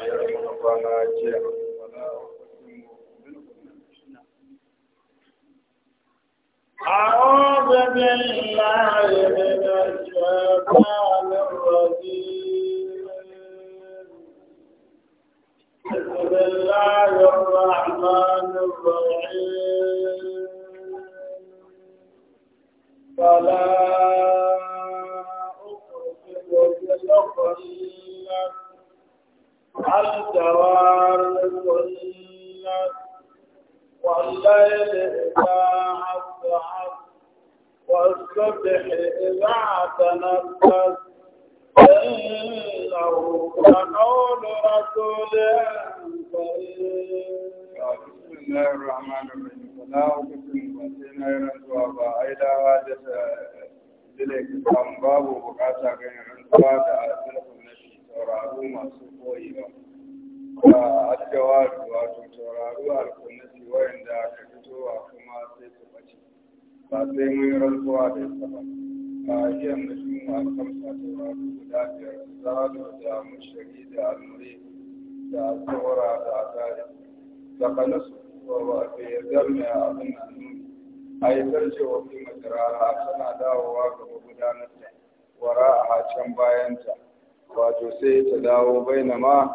da ya yi kwana jiya da mushari da alure da alkawara da akari da kanasu wa ba ya zarme a abin da nan a yi zarce wa fi majaraha tana dawowa ga magudanarta wara a can bayanta wato sai ta dawo bainama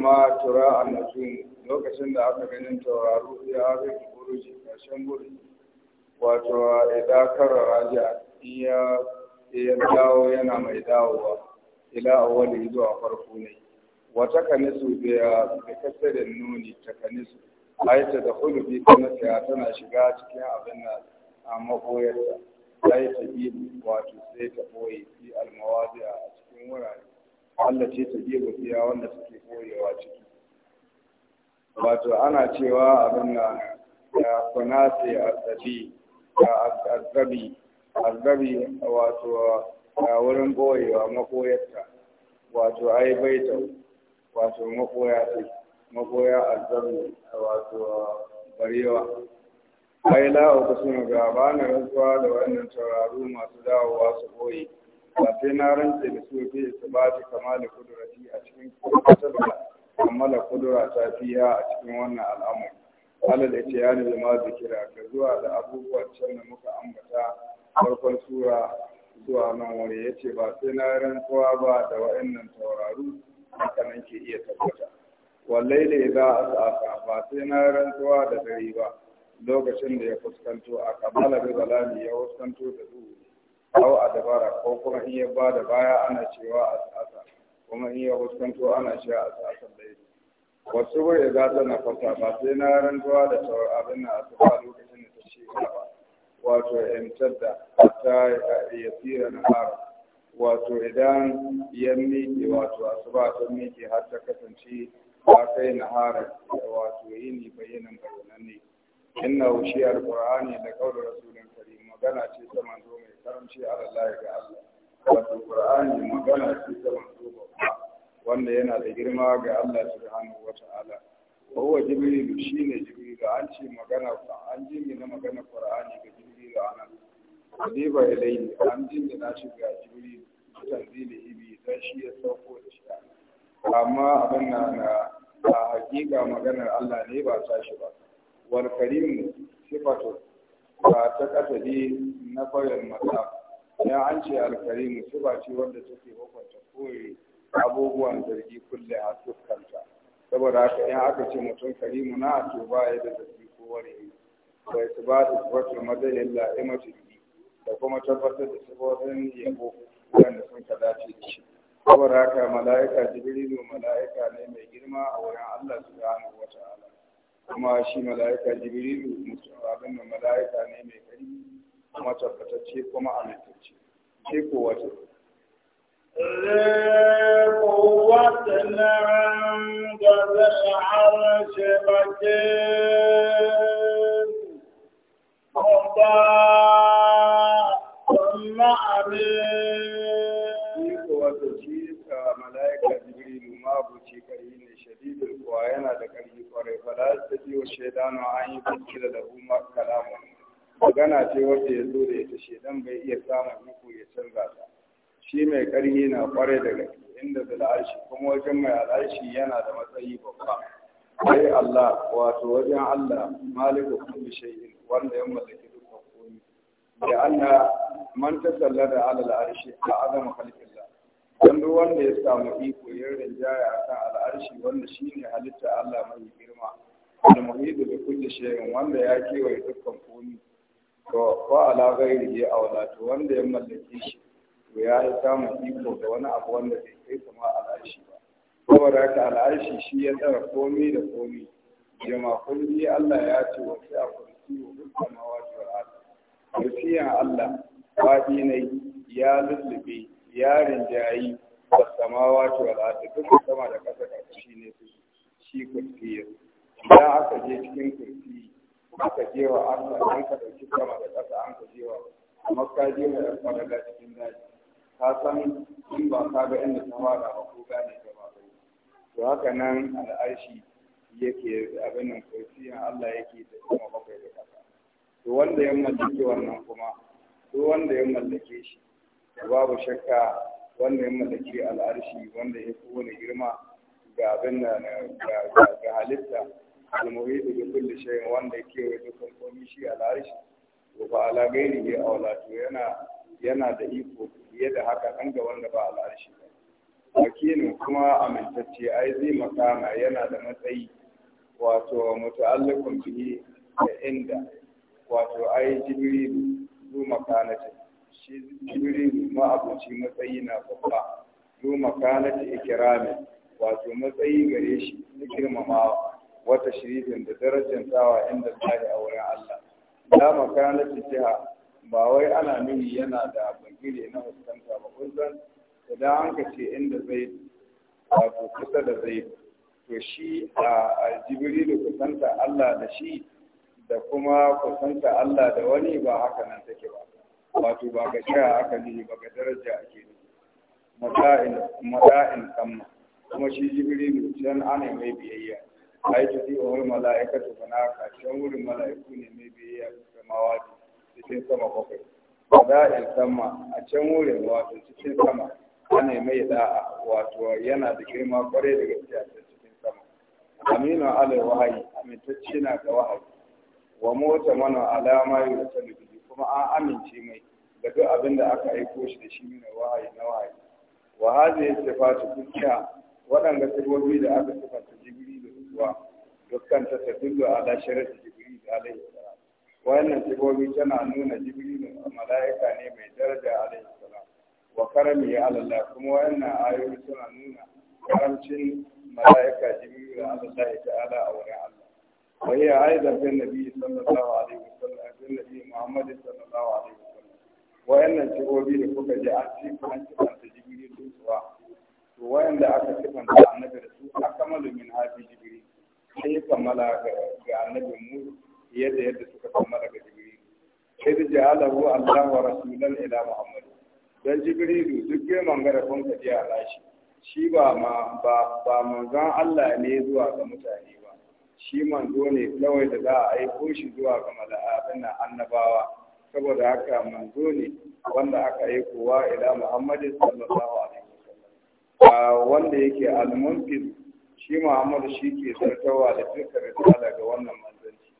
ma tura a najum lokacin da aka ganin tauraro ya rage buruji ƙarshen buruji wato idan karara ji in ya dawo yana mai dawowa ila awwali zuwa farko ne Wata kanisu wa takanisu bi da nuni a yi ta dakhulu bi kanata tana shiga cikin abin nan a makoyarta yi ta yi wato sai ta boye fi almawazi a cikin wurare Allah ce ta yi gaskiya wanda suke koyewa ciki wato ana cewa abin nan ya kunase azabi azabi azabi wato ga wurin boyewa makoyarta wato ai baita wato makoya ce makoya azzabu wato barewa ai la uqsimu ga bana rantsuwa da wannan tauraro masu dawowa su goyi ba sai na rantse da su ba ta kamala kudurati a cikin kudrata kammala kudura ta fiya a cikin wannan al'amari alal itiyani da ma zikira ga zuwa da abubuwan can da muka ambata farkon sura zuwa nan wuri ya ce ba sai na rantsuwa ba da wa'annan tauraru haka nan ke iya tabbata wallai da za a sa'asa ba sai na rantsuwa da dare ba lokacin da ya fuskanto a kamala da zalami ya fuskanto da duhu au a dabara ko kuma in ya ba da baya ana cewa a sa'asa kuma in ya fuskanto ana cewa a da yi wasu wuri za ta fata ba sai na rantsuwa da abin na asuba lokacin da ta ce ba wato yamtadda ta ya tsira na har wato idan ya miƙe wato asuba ta miƙe har ta kasance ta kai na har wato yini bayanan bayanan ne. inna shi alqur'ani da da rasulin karim magana ce ta manzo mai karamci Allah ga Allah wato ƙur'ani magana ce ta manzo babba wanda yana da girma ga Allah subhanahu wata'ala wa huwa jibril shine jibril an ce magana an na magana ƙur'ani. ta'ala kadiba ilayhi an jingina shi ga jibril tanzili ibi dan shi ya sauko da shi amma abin na na a hakika maganar Allah ne ba sa shi ba wal karim sifatu ba ta kasadi na farin mata ya an ce al karim sifa ce wanda take hukunta koyi abubuwan zargi kulle a fuskanta saboda haka in aka ce mutum karimu na to ba ya da zargi ko wani wa isbatu sifatul madalil la'imatu da kuma tabbatar da sifofin yabo wanda sun ka dace da shi saboda haka mala'ika jibrilu mala'ika ne mai girma a wurin Allah subhanahu wa ta'ala kuma shi mala'ika jibrilu abin da mala'ika ne mai kari kuma tabbatacce kuma amintacce ce ko wata قوتنا عند العرش مكين Mata kuma abin. Wato shi ka ah, mala'ika Jibrilu mabuci kari ne shadidul kuwa yana da ƙarfi kwarai fala ta biyo shaidanu an yi bincike da umar kalamu. Magana ce wacce ya zo da ita shaidan bai iya samun iko ya canza ta. Shi mai ƙarfi na kwarai da gaske inda da bil'arshi kuma wajen mai al'arshi yana da matsayi babba. Sai Allah wato wajen Allah maliku kulli shay'in wanda ya mallaki dukkan komai da anna man tasallada ala al'arshi a azama khalqillah dan duk wanda ya samu iko ya rinjaya akan al'arshi wanda shine halitta Allah mai girma al-muhid bi kulli shay'in wanda ya kewaye dukkan komai to fa ala ghairihi awla to wanda ya mallaki shi to ya samu iko da wani abu wanda bai kai sama al'arshi ba saboda haka al'arshi shi ya tsara komai da komai jama kulli Allah ya ce wa sai Allah, وفي السماوات والأرض وفيها الله فاتيني يا للبي يا رنجاي والسماوات والأرض دكتور سما دكتور shi ne su shi kursiya idan aka je cikin kursi aka je wa Allah an ka ɗauki sama da ƙasa an ka je wa amma ka je wa ɗan cikin daji ka san in ba ka ga inda ta fara ba ko gane ta ba to haka nan al'arshi yake abin nan in Allah yake da kuma bakwai da kasa to wanda ya mallake wannan kuma to wanda ya mallake shi babu shakka wanda ya mallake al'arshi wanda ya fi wani girma ga abin nan ga halitta al da bi kulli wanda yake wa dukkan komai shi al'arshi to ba ala ya aula to yana yana da iko fiye da haka dan ga wanda ba al'arshi ba wakilin kuma amintacce ai zai makama yana da matsayi wato muta'alliqun bihi da inda wato ai jibrilu zu makanati shi jibrilu ma abuci matsayi na babba zu makanati ikrami wato matsayi gare shi na girmamawa wata shirifin, da darajar tawa inda tsari a wurin Allah da makanati jiha ba wai ana nuni yana da bangire na huskanta ba kun san idan an ka ce inda zai wato kusa da zai to shi a jibrilu kusanta Allah da shi da kuma kusanta Allah da wani ba haka nan take ba wato ba ga shi haka ne ba ga daraja ake ne mata'in mata'in kamma kuma shi jibrilu dan ana mai biyayya ai to ji wani mala'ika to bana ka can wurin mala'iku ne mai biyayya samawa cikin sama bakwai mata'in kamma a can wurin wato cikin sama ana mai da'a wato yana da girma kwarai da gaskiya aminu ala wahayi amintacce na ga wahayi wa mota mana alama yi da talibi kuma an amince mai da duk abin da aka aiko shi da shi ne wahayi na wahayi wa hadhihi sifatu dukka waɗanda sifofi da aka ta jibiri da zuwa dukkan ta da ala jibiri da alaihi salam wannan sifofi tana nuna da mala'ika ne mai daraja alaihi salam wa karami ala kuma wannan ayoyi suna nuna karamcin malaika jibril an Allah ta'ala a wurin Allah wa hiya aida bi nabi sallallahu alaihi wasallam bi nabi muhammad sallallahu alaihi wasallam wayannan sigobi da kuka ji an ci an ci an ta jibril din suwa to wayanda aka da annabi da su akamalu min hadi jibril sai kammala ga annabi mu yadda yadda suka kammala ga jibril sai da ja'alahu Allah wa rasulan ila muhammad dan jibril duk girman ka ji alashi shi ba ma ba ba manzon Allah ne zuwa ga mutane ba shi manzo ne kawai da za a aiko shi zuwa ga mala'abin annabawa saboda haka manzo ne wanda aka wa ila Muhammadin sallallahu alaihi wasallam wanda yake al-munfil shi Muhammadu shi ke zartawa da dukkan risala ga wannan manzanci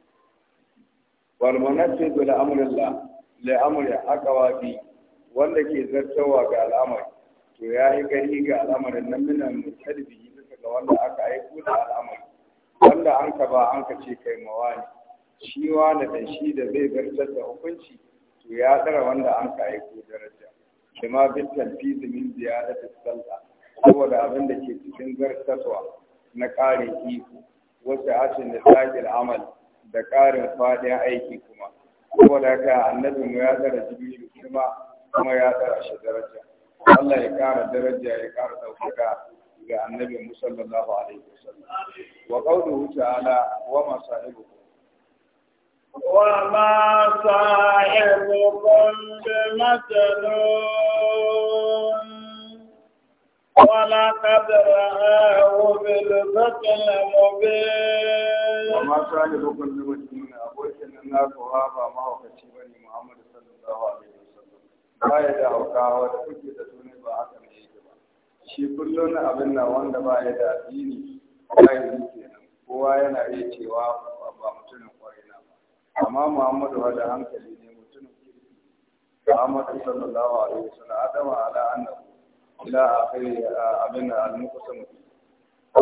wal munaffidu la amrillah la amri aqwa bi wanda ke zartawa ga al'amari to ya yi gari ga al'amarin nan minan musalbi bisa ga wanda aka aiko da al'amari wanda an ka ba an ka ce kai mawa ne shi wani da shi da zai zartar da hukunci to ya tsara wanda an ka aiko daraja ma bin talfizi min ziyarar da sallah saboda abin da ke cikin zartarwa na ƙarin iko wasu ashin da sajil amal da ƙarin faɗin aiki kuma saboda haka annabinmu ya tsara jibiru kuma kuma ya tsara shi daraja الله يكار kara يكار توفيقا kara النبي صلى الله عليه وسلم وقوله تعالى وما صاحبكم وما صاحبكم بمسنون ولقد رآه بالفتح المبين وما صاحبكم بمسنون أن الناس وهذا ما وكشفني محمد صلى الله عليه وسلم لا يدعو كاوة كتبت ba haka ne yake ba shi kullum abin nan wanda ba ya da addini ba ya yi kenan kowa yana iya cewa ba mutumin kwarai na ba amma muhammadu da hankali ne mutumin kirki muhammadu sallallahu alaihi wasallam adama ala annahu ila akhiri abin al-muqsim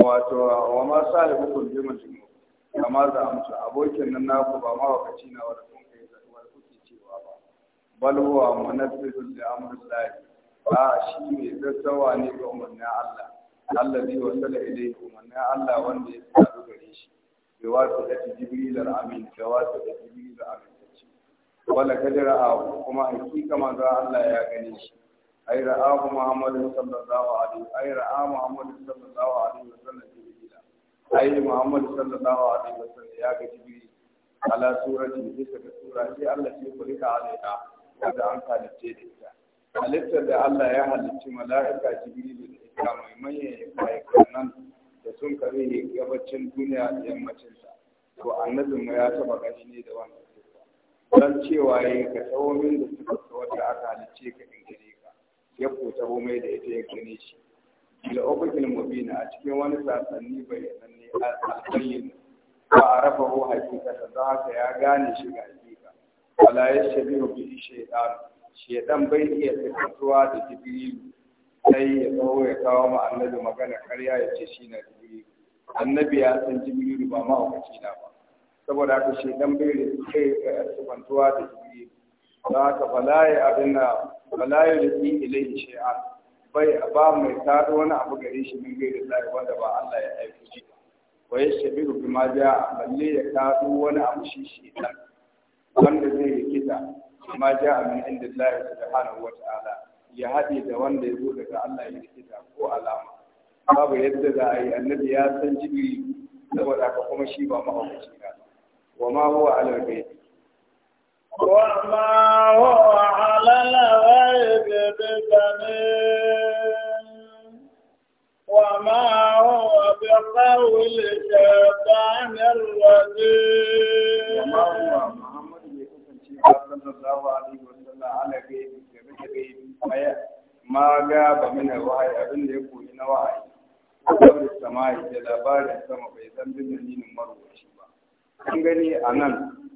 wato wa ma kun bi majnun Kamar da amsa abokin nan naku ba ma wakaci na wanda kun kai wanda kuke cewa ba bal huwa munaffidun li amrillahi a shi ne sassawa ne ga umarnin Allah Allah zai wasala ilai umarnin Allah wanda ya tsaro gare shi bai wasu da jibril al-amin da wasu da jibril al-amin wala kadira a kuma hakika manzo Allah ya gane shi ai ra'a Muhammadu sallallahu alaihi ai ra'a Muhammad sallallahu alaihi wasallam jibril ai Muhammad sallallahu alaihi wasallam ya ga jibril ala surati bisa ga sura sai Allah ya kulika alaiha wanda an kalice da ita halittar da Allah ya halicci mala'ika jibrilu da ita mai manyan nan da sun kare gabacin duniya da yammacin to annabin mu ya taba gani ne da wannan don cewa ya ka tsawomin da suka wata aka halicce ka in ka ya ko mai da ita ya gane shi ila ubukil mubina a cikin wani sasanni a bayyana ba a rafa ko hakikatan za haka ya gane shi ga hakika wala ya yashbihu bi shaytan shedan bai iya sifantuwa da jibrilu sai ya zo ya kawo ma annabi magana karya ya ce shi na jibrilu annabi ya san jibrilu ba ma hukaci na ba saboda haka shedan bai iya sifantuwa da jibrilu za ka falaye abin na falaye da ki ilai shi'an bai a ba mai tado wani abu gare shi min da lai wanda ba Allah ya aiki shi ko ya shabiru bi ma ja balle ya tado wani abu shi shedan wanda zai rikita ma ja'a min indillahi subhanahu wata'ala ya haɗe da wanda ya zo daga Allah ya rikita ko alama babu yadda za a yi annabi ya san jibiri saboda ka kuma shi ba mahaukaci na wa ma huwa alal gaibi wa ma huwa alal gaibi bidani wa ma huwa bi qawli shaytanir rajim sallallahu alaihi wasallam ala gaibi game da gaibi baya ma ga ba mina wahayi abin da ya koyi na wahayi saboda samayi da labarin sama bai san bin dalilin marwaci ba an gani a nan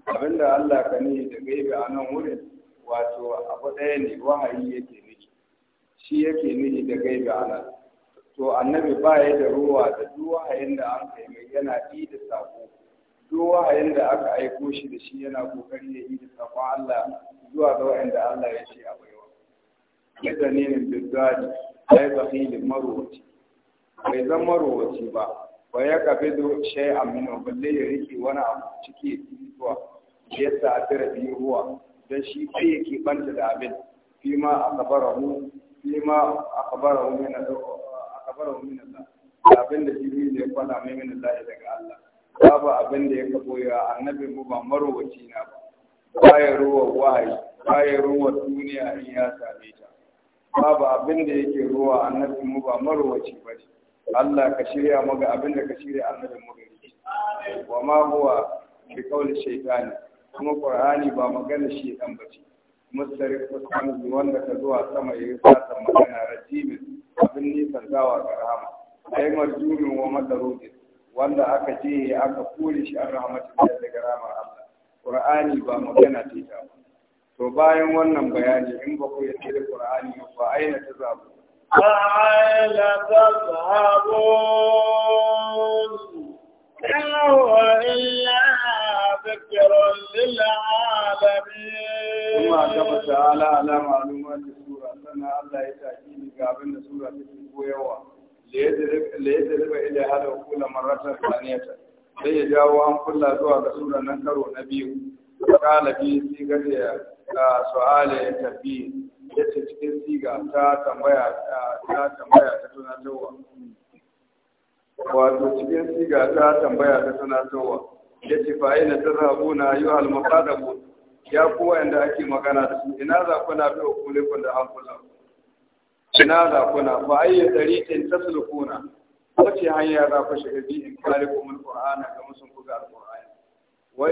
abinda Allah ka ne da gaibi a nan wurin wato abu ɗaya ne wahayi yake nufi shi yake nufi da gaibi a nan to annabi ba ya da ruwa da duk wahayin da an kai mai yana ɗi da sako duk wahayin da aka aiko shi da shi yana kokari ya yi da Allah zuwa ga wa'anda Allah ya ce a baiwa yadda ne ne bizzadi ai marowaci. bai zan marowaci ba ba ya kafe da shai amina balle ya rike wani abu ciki zuwa ya sa a tara biyu ruwa don shi kai yake banta da abin fi ma a kabarahu fi ma a mina da abin da ne ya kwana mai mina daga Allah babu abin da ya kabo ya annabi mu ba marowaci na ba baya ruwa wahayi baya ruwa duniya in ya same ta babu abin da yake ruwa annabi mu ba marowaci ba Allah ka shirya mu ga abin da ka shirya annabi mu gari wa ma huwa bi kauli shaytani kuma qur'ani ba magana shaytan ba ce mustarif kusan wanda ka zuwa sama yayi fatan magana rajimin abin nisan zawa ga rahama ai marjumin wa madarudin wanda aka je aka kore shi an rahmatullahi daga ramar Allah Qur'ani ba magana ce ta ba to bayan wannan bayani in ba ku yarda da Qur'ani ba aina ta zabu aina ta zabu إن هو إلا ذكر للعالمين ثم أجاب تعالى على ما maratan saniyata sai ya jawo an kulla zuwa ga sura nan karo na biyu kala biyu sigar ya su'ala ya tafi ya ce cikin siga ta tambaya ta tambaya ta tuna tunatarwa wato cikin siga ta tambaya ta tuna tunatarwa ya ce fa ina tarhabuna ayyuhal muqaddamun ya ku wanda ake magana da su ina za ku na biyo kullu kun da hankula ina za ku na fa ayyu tariqin taslukuna wace hanya za ku shiga bi in kare ku mun qur'ana ga musun ku ga qur'ani wa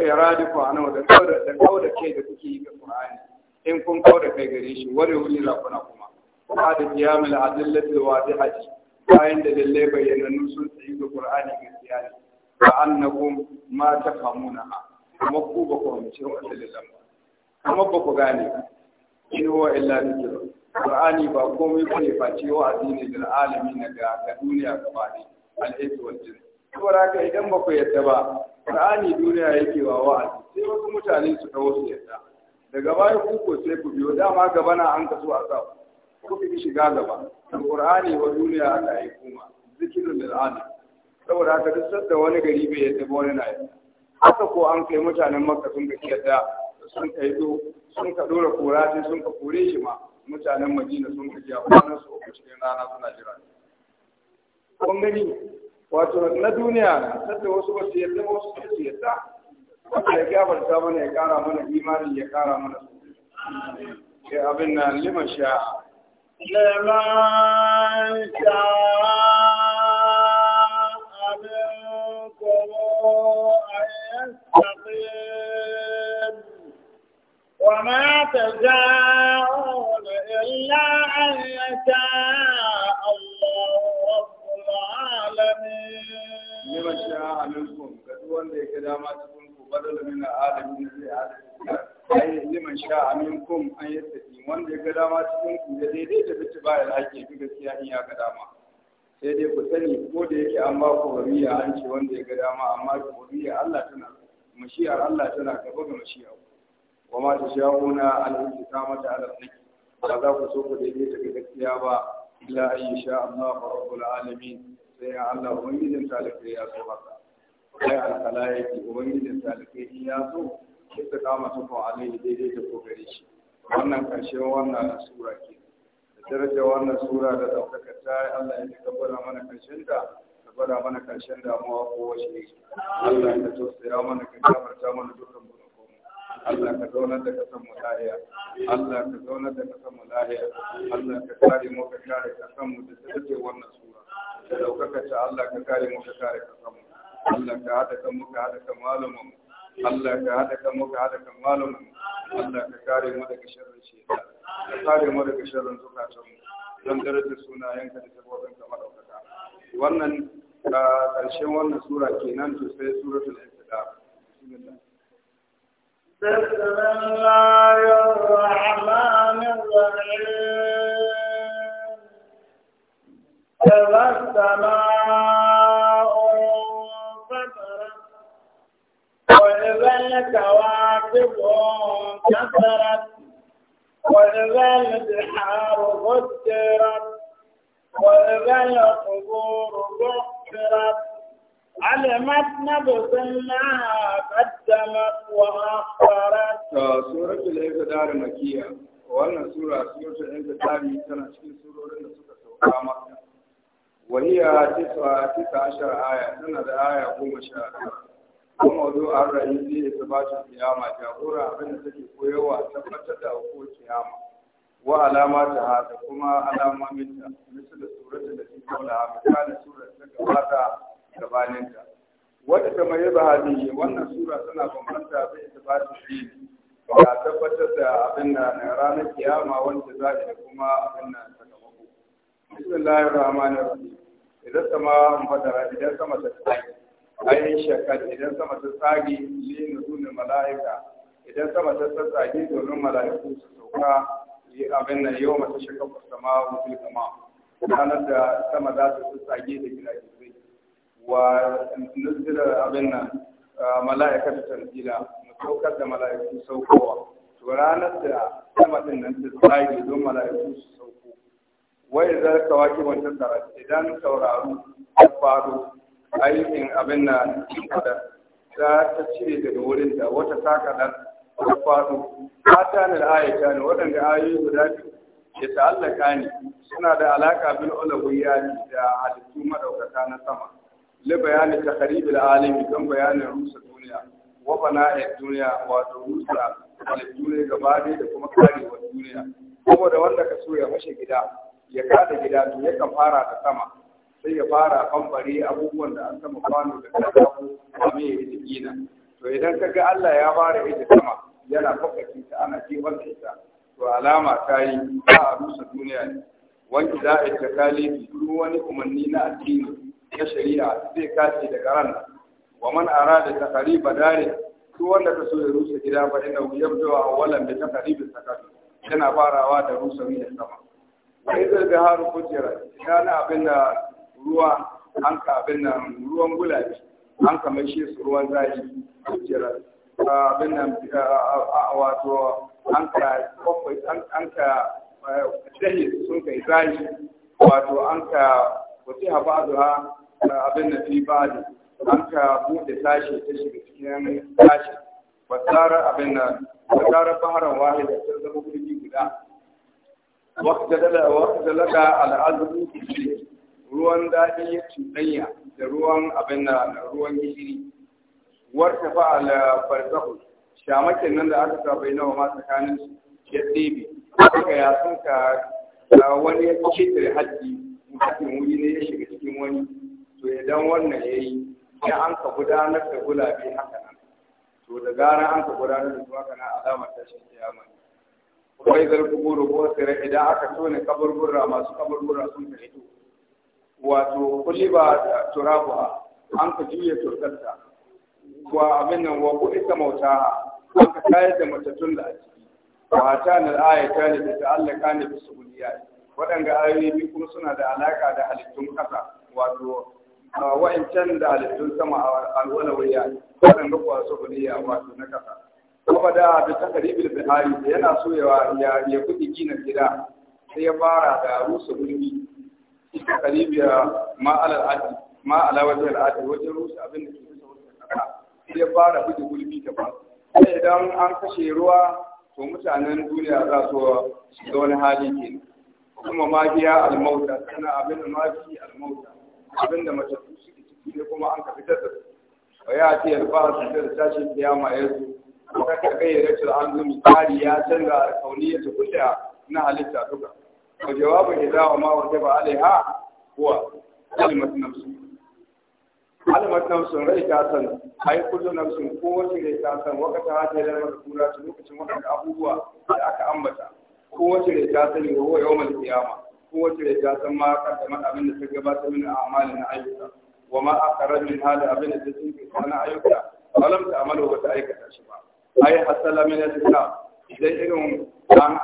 ku ana da kauda da kauda ke da kuke yi ga qur'ani in kun kauda kai gare shi wani wuri za ku na kuma ba da qiyamul adillati wadihati bayan da lalle bayyana nun sun tsayi ga qur'ani ga ne fa annakum ma tafhamuna kuma ku ba ku ce wa dalilan ba kuma ba ku gane in huwa illa dhikr Qur'ani ba komai bane face wa'azi ne lil na ga ga duniya gaba ne Al'aiki wajen saboda haka idan ba ku yadda ba Qur'ani duniya yake wa wa'azi sai wasu mutane su dawo su yadda daga baya ku ko sai ku biyo dama gaba na an kaso a sa ku fi shiga gaba Qur'ani wa duniya ta yi kuma zikirul lil saboda haka duk sanda wani gari bai yadda ba wani na yadda haka ko an kai mutanen makka sun ga yadda sun kai sun ka dora kura sai sun ka kore shi ma mutanen madina sun kaji a kwanan su uku cikin rana suna jira kun gani wato na duniya na sadda wasu ba su yadda wasu ba su yadda wanda ya gabarta mana ya kara mana imani ya kara mana su sai abin na liman sha liman sha وما تزاعون إلا أن يشاء الله رب العالمين. لما شاء منكم كتبون ku, كلاماتكم فبدل من العالمين في أي لما شاء منكم أن يستقيم وندي كلاماتكم يزيد بالتباع الحكي في كسيان يا كلاما. Sai dai ku sani ko da yake an ba ku wariya an ce wanda ya ga dama amma ku wariya Allah tana mashiyar Allah tana gaba ga mashiyar. Wa ma ta shawo na al'ulki ta mata alaf naki. ba za ku so ku daidaita ga gaskiya ba illa an yi sha Allah wa rabbul alamin sai ya Allah ubangijin talibai ya so haka sai alkalaiki ubangijin talibai in ya so kisa kama su fa daidai daidaita ko gare shi wannan karshen wannan sura ke da daraja wannan sura da daukaka ta Allah ya tabbata mana karshen ta gwada mana karshen damuwa ko wace Allah ya tausaya mana ka gafarta mana dukkan Allah ka zaunar da kasan mu lahiya Allah ka zaunar da kasan mu lahiya Allah ka kare mu ka kare kasan mu da take wannan sura da daukaka ta Allah ka kare mu ka kare kasan mu Allah ka hada kan mu ka hada kan malamin mu Allah ka haɗa kan mu ka haɗa kan malamin Allah ka kare mu daga sharrin shaitan ka kare mu daga sharrin zukatan don darajar sunayenka da sabobin ka madaukaka wannan ƙarshen wannan sura kenan to sai suratul insidar bismillah بسم الله الرحمن الرحيم إذا السماء انفطرت وإذا الكواكب انكسرت وإذا البحار فجرت وإذا القبور بحرت علمت نفس ما قدمت وأخرت سورة الإنفطار مكية وأن سورة سورة الإنفطار تنا cikin surorin da suka sauka maka وهي تسعة تسعة عشر آية تنا da aya goma sha kuma wazo an rayu zai tabbatar kiyama jagora abin da take koyarwa tabbatar da hukumar kiyama wa alamata hada kuma alamomin ta misal suratul lati qawla misalin suratul gabata gabaninta wata kamar mai ba ne wannan sura tana bambanta da ba ta shi ya tabbatar da abin da na ranar kiyama wanda za yi kuma abin da ta gaba ku layar rahmanir rahim idan sama fadara idan sama ta tsage ayin shakal idan sama ta tsage na zuni malaika idan sama ta tsage domin malaiku su sauka yi abin nan yau mata shakka sama wa kama, ranar da sama za ta tsage da gidaje wa nuzila abin nan mala'ikatu tanzila mu saukar da mala'iku saukowa ranar da sama din nan ta tsage don mala'iku su sauko wai za ka wake wancan tsara idan sauraro ta aikin abin nan da ta cire daga wurin da wata takalar ta ne waɗanda ayoyi guda biyu ya ta'allaka ni, suna da alaƙa bil ulawiyya da halittu madaukaka na sama li bayani takhrib al-alami bayanin rusa duniya wa bana'i duniya wato rusa al-duniya gaba da kuma karewar duniya saboda wanda ka so ya fashe gida ya kada gida to yakan fara ta sama sai ya fara bambare abubuwan da an sama kwano da katako kamin ya yi gina to idan ka ga Allah ya fara ita sama yana fakkake ta ana kewar ita to alama ta yi ba a rusa duniya ne wanki za a yi takali duk wani umarni na addini ya shari'a zai kace daga ran wa man arada takariba dare duk wanda ta so ya rusa gida ba inda wallan awwalan ta takaribin sakat yana farawa da rusa da sama wai zai ga haru kujera ya na abin da ruwa an ka abin nan ruwan gulabi an ka mai shi su ruwan zafi kujera abin nan wato an ka kwakwai an ka shahi eh, sun kai zafi wato an ka wasu hafa zuwa? abin da fi ba'adi an ka bude tashi ta shiga cikin tashi fasara abin da fasara baharan wahid da sun zama kurji guda wakta dala wakta dala ruwan daɗi ya cuɗanya da ruwan abin da ruwan gishiri warta fa al-barzahu shamakin nan da aka saba yana ma tsakanin su ya ɗebe aka ya sun ka wani ya ce da haji mutum wuri ne ya shiga cikin wani to idan wannan ya yi ya an ka gudanar da gulabe haka nan to da gara an ka gudanar da su kana alamar tashin kiyama ne kuma idan kuburu ko sirra idan aka tone kaburbura masu kaburbura sun ka hito wato da turabuha an ka juya turkarta wa abin nan wa ku isa mauta an ka tayar da matattun da a ciki wa ta na ta ne da ka ne bisu buliya waɗanda ayoyi kuma suna da alaka da halittun ƙasa wato wa'ancan da halittun sama a alwalawiya waɗanda kuwa su kuliya wato na kasa. kuma da bi ta karibil bihari da yana so ya ya kudi gina gida sai ya fara da rusa gurbi ta karibiya ma alal adi ma ala wajen wajen rusa abin da ke rusa wajen ƙasa sai ya fara buɗe gurbi da ba sai idan an kashe ruwa to mutanen duniya za su shiga wani hali kenan. kuma mafiya almauta tana abin da mafi almauta abin da mace sai kuma an ka fitar da su wa ya ce ya fara fitar da tashin kiyama ya zo ka ta gayyara shi an zumi tsari ya canza alkauni ya tafi da na halitta duka wa jawabin idza wa ma wajaba alaiha huwa kalmar nafsu kalimat nafsu rai ta san ai kullu nafsu ko wace rai ta san wakata hata da maka ta lokacin wannan abubuwa da aka ambata ko wace rai ta sani wa yawmal kiyama, ko wace rai ta san ma kaddamar abin da ta gabatar min a amalin ayyuka wa ma akharar min hada abin da sun fi sana ayyuka alam ta amalu wata aikata shi ba ai hasala min al-islam irin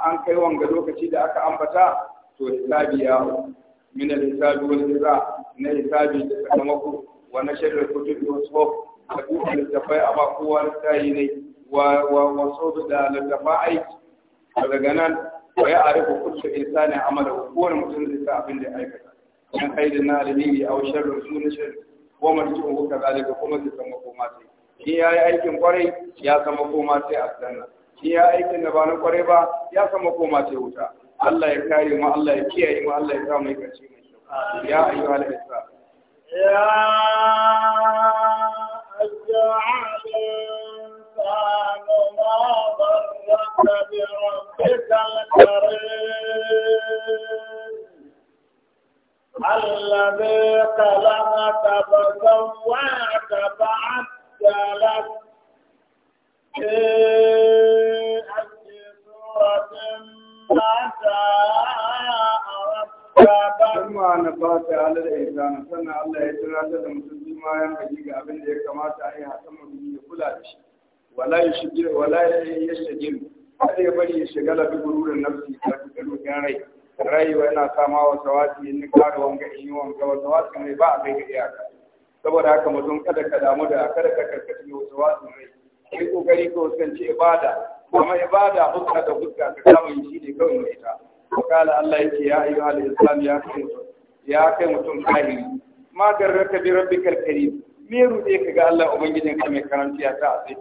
an kai wanga lokaci da aka ambata to hisabi ya min al-hisabi wal na hisabi da sakamako wa na sharri kutubi wa sawf da dukkan a ba kowa littafi ne wa da littafa daga nan wa ya arifu kullu insani amala kowane mutum zai sa abin da ya aikata من خير ما لديه أو شر سوء شر ومرجعه كذلك كما تسمى قوماتي in ya yi aikin kwarai ya sama koma sai aljanna in ya aikin da ba na kwarai ba ya sama koma sai wuta Allah ya kare mu Allah ya kiyaye mu Allah ya sa mai kace mai kyau ya ayyuha al-isa ya ayyuha al-insan ma الذي خلقك فسواك فعدلك في أي سورة ما شاء ثم نبات على الإنسان سنة الله يتراد المسلم ما ينبغي قبل ذلك كما تعي حكم به كل شيء ولا يشجر ولا يشجر هذا يبني يشغل بغرور النفس كالغرور الرأي rayuwa yana samawa wa tawasi in ka da wanga in yi wanga wa tawasi ne ba a kai ga iyaka saboda haka mutum kada ka damu da kada ka karkata ne wa tawasi ne kai kokari ko ce ibada kuma ibada fuska da fuska ka samu shi ne kawai mai ta kala Allah yake ya ayu al islam ya kai ya kai mutum kahiri ma garraka bi rabbikal karim me rude ka ga Allah ubangijin ka mai karantiya ta sai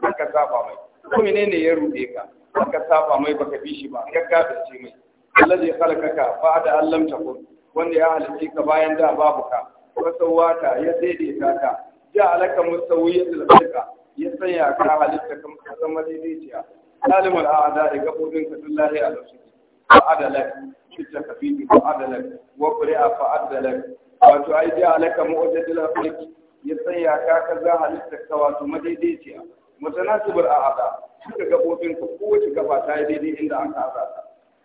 ta ka saba mai ko menene ya rude ka ka saba mai baka bi shi ba ka ce mai alladhi khalaqaka ba'da an lam takun wanda ya halice ka bayan da babu ka wasawata ya daidaita ka ja alaka musawiyatul khalqa ya sanya ka halitta kan ka zama daidaiciya alimul a'da ga gabobin ka dullahi a laushi ba'da lak kitta kafifi ba'da lak wa qira'a ba'da lak wato ai ja alaka mu'tadil khalqi ya sanya ka ka za halitta ka wato madaidaiciya mutanasibul a'da suka gabobin ka kowace gaba ta yi daidai inda aka azata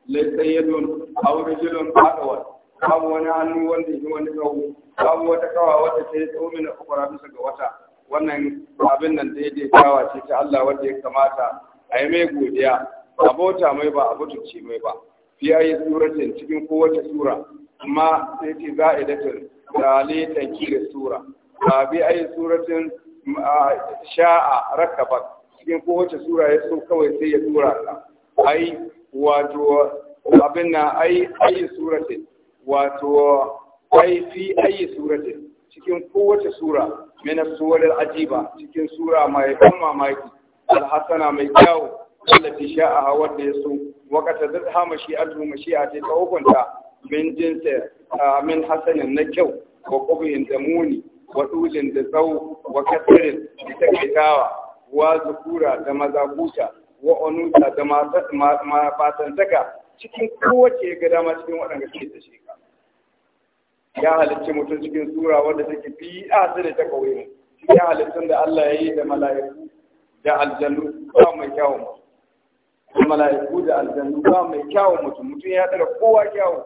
laisai yadon aure jilon fadawar babu wani hannu wanda yi wani kawo babu wata kawa wata ta yi tsomi na ukura bisa ga wata wannan abin nan daidai kawa ce ta Allah wanda ya kamata a yi mai godiya a bauta mai ba a mutunci mai ba fi yi suratin cikin kowace sura amma sai ce za a yi da litan kira sura ba bi ayi suratin sha'a rakabat cikin kowace sura ya so kawai sai ya tura ka ai wato abin na ayi surati wato ai fi ayi surati cikin kowace sura min suwarar ajiba cikin sura mai ban mamaki alhassana mai kyawu allati sha'aha da ya so wakata shi mashi'atu ce ta hukunta min jinsa min hasanin na kyau wa kubin da muni wa dujin da tsawo wa kasirin da takaitawa wa zukura da mazakuta wa wa'onuta da mafatantaka cikin kowace ga ma cikin waɗanda suke da shi ya halitta mutum cikin sura wanda take fi a su da ta kawai ya halittun da Allah ya yi da mala'iku da aljannu ba mai kyawun mutum mala'iku da aljannu ba mai kyawun mutum mutum ya tsara kowa kyawun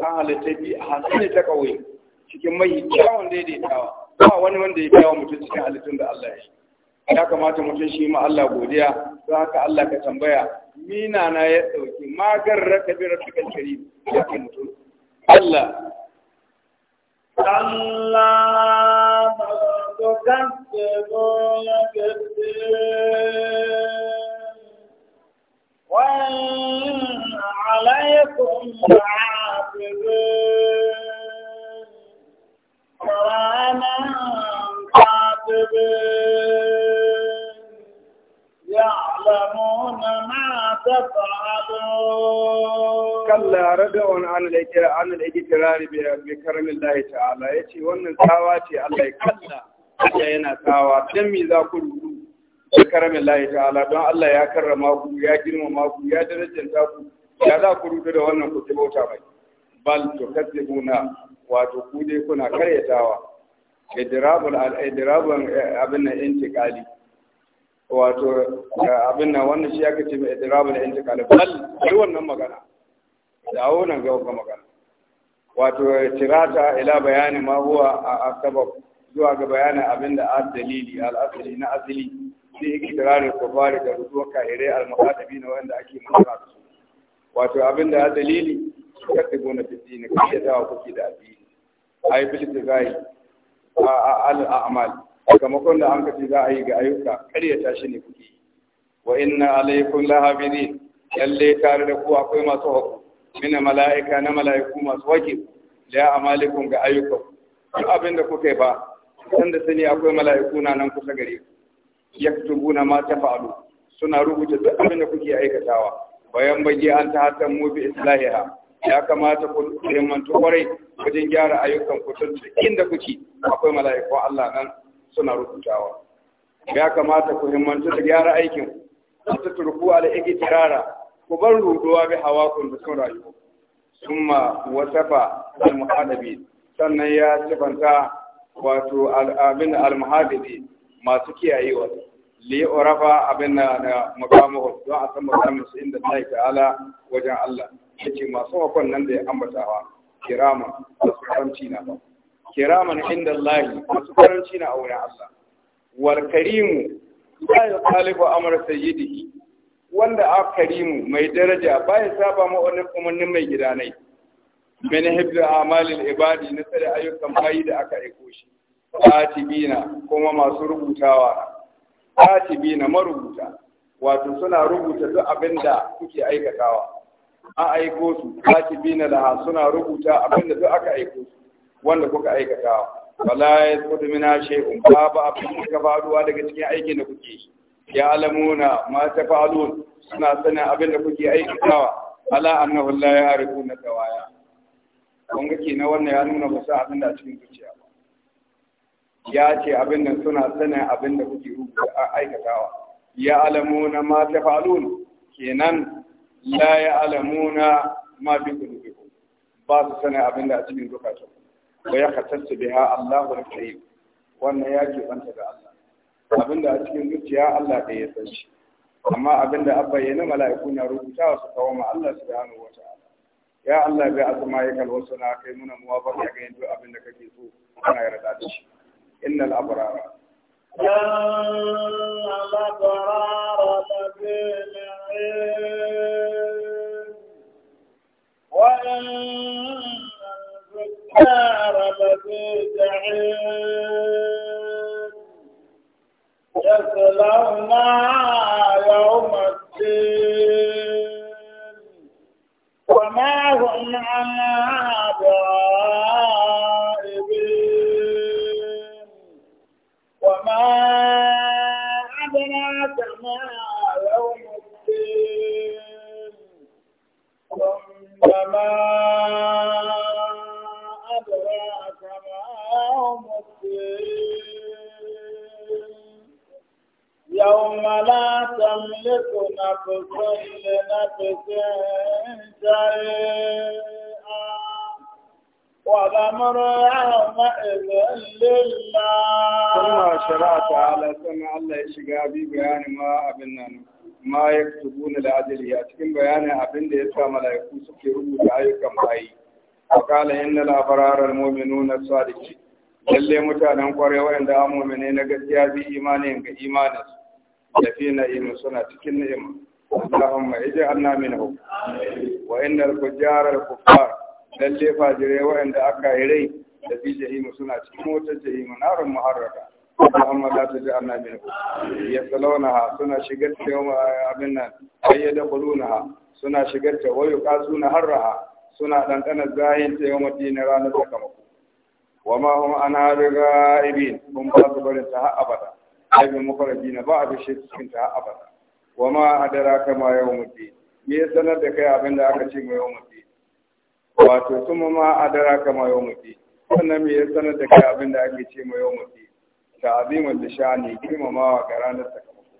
an halitta bi a hasani ta kawai cikin mai kyawun daidaitawa ba wani wanda ya kyawun mutum cikin halittun da Allah ya yi ya kamata mutum shi ma Allah godiya don haka Allah ka tambaya mina na ya dauki magar raka bi rabbikal karim ya kuntu Allah Allah تكذبون بالدين وإن عليكم عابدين كراما كاتبين Kalla ما تفعلون كلا ردع عن الإجراء عن الإجرار بكرم الله تعالى wannan tsawa ce Allah ya kalla Allah yana tsawa dan me za ku rudu karamin Allah ta'ala don Allah ya karrama ku ya girmama ku ya darajanta ku ya za ku rudu da wannan kuɗi bauta mai bal to kazzibuna wato ku dai kuna karyatawa idrabul al idrabun abin nan intiqali wato eh, abin nan wannan shi aka ce mai idirabul intiqal bal sai wannan magana dawo nan ga wannan magana wato tirata ila bayani ma huwa a sabab zuwa ga bayanin abin da ad dalili al asli na asli shi ko kufari da ruwan kahire al muqaddabi na wanda ake magana su wato abin da ad dalili suka tibo na fitini kai da kuke da addini ai bil A al a'mal sakamakon da an kace za a yi ga ayyuka karyata shi ne kuke wa inna alaykum lahabiri yalle tare da ku akwai masu hukku mina mala'ika na mala'iku masu wake da amalikum ga ayyuka duk abin da kuka yi ba san da sani akwai mala'iku na nan kusa gare ku yaktubuna ma tafa'alu suna rubuta duk abin da kuke aikatawa bayan baje an ta hatan mu bi islahiha ya kamata ku himmantu kwarai wajen gyara ayyukan ku tun inda kuke akwai mala'iku Allah nan suna rubutawa ya kamata ku himmantu da gyara aikin ta turku ala ikitirara ku bar ruduwa bi hawakun da sun rayu summa wasafa al-muhadabi sannan ya sifanta wato al'abin al-muhadabi masu kiyayewa li urafa abin na makamu don a san makamin su inda yi ta'ala wajen Allah yace masu wakon nan da ya ambatawa kirama da na ba kiraman inda Allah masu karanci na aure Allah wal karimu la yuqalibu amr sayyidihi wanda a karimu mai daraja baya saba ma wani umarnin mai gida nai min hibdu amalil ibadi na tsare ayyukan bayi da aka aiko shi katibina kuma masu rubutawa katibina marubuta wato suna rubuta duk abin da kuke aikatawa A aiko su katibina da suna rubuta abin da duk aka aiko su wanda kuka aikata wala ya tsudu mina ba ba abin da faruwa daga cikin aikin da kuke yi ya alamuna ma tafalun suna sanin abin da kuke aikatawa ala annahu la na tawaya kun ga na wannan ya nuna musu abin da cikin zuciya ba ya ce abin da suna sanin abin da kuke aikatawa ya alamuna ma tafalun kenan la ya alamuna ma bi kulubikum ba su sanin abin da a cikin zuciya. wa ya khatassu biha Allahu al-Karim wannan ya keɓanta ga Allah abinda a cikin zuciya Allah ɗaya ya san shi amma abinda a bayyana mala'iku na rubuta su kawo ma Allah subhanahu ta'ala ya Allah bi asma'ikal husna kai muna muwafaqa ga yanzu abinda kake so kana yarda da shi innal abrara innal abrara ta na'im wa innal الحميد يصلونها يوم الدين وما هم عنها بعاد يوم لا تملك نفس لنفس شيئا والأمر يومئذ لله ثم شرع تعالى سمع الله يشجع بي بيان ما أبننا ما يكتبون لأجله أتكلم بيان أبن دي يسام لا يكون سكي ربو تعيك معي وقال إن الأبرار المؤمنون الصادقين lalle mutanen kwarewa inda amomine na gaskiya bi imanin ga imaninsu da fi na'im suna cikin ni'ima Allahumma ij'alna minhu wa innal fujjara al kuffar lalle fajire wa'anda aka yi rai da fi jahim suna cikin wutar jahim narun muharraka اللهم لا تجعلنا منهم يصلونها سنة شجرت يوم أبنا أي يدخلونها سنة شجرت ويقاسون هرها سنة دندن الزاهين يوم الدين رانا سكمكم وما هم أنا بغائبين هم باطبرين سها أبدا abin mafarki na ba a shi cikin ta abada wa ma adara kama yau mutu me ya sanar da kai abin da aka ce ma yau mutu wato kuma ma adara kama yau mutu wannan me ya sanar da kai abin da ake ce ma yau mutu ta azimar da sha'ani girmamawa ga ranar sakamako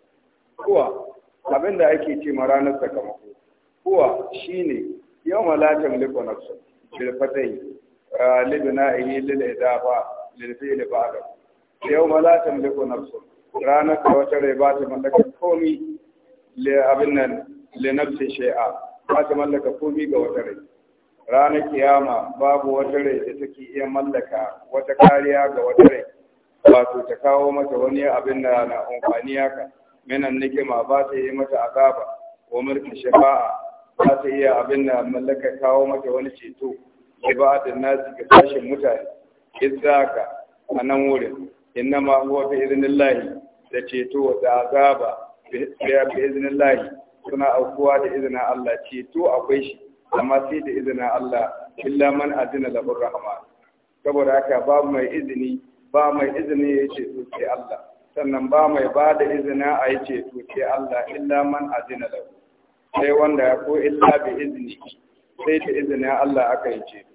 kuwa abin da ake ce ma ranar sakamako kuwa shine yau malatin likonafsu bilfatai libina ihi lil idafa lil fi'li ba'da yau malatin likonafsu ranar da wata rai ba ta mallaka komi le abin nan le nafsi shay'a ba ta mallaka komi ga wata rai ranar kiyama babu wata rai da take iya mallaka wata kariya ga wata rai wato ta kawo mata wani abin da na amfani haka minan nikima ba ta yi mata azaba ko mulkin shafa'a ba ta iya abin da mallaka kawo mata wani ceto ibadin nasi ga sashen mutane ka, a nan wurin innama huwa bi idnillahi da ceto da azaba bi idnillahi suna aukuwa da izinin Allah ceto akwai shi amma sai da izinin Allah illa man azina lahu rahman saboda haka ba mai izini ba mai izini ya ceto sai Allah sannan ba mai ba da izina a yi ceto sai Allah illa man azina lahu sai wanda ko illa bi izini sai da izinin Allah aka yi ceto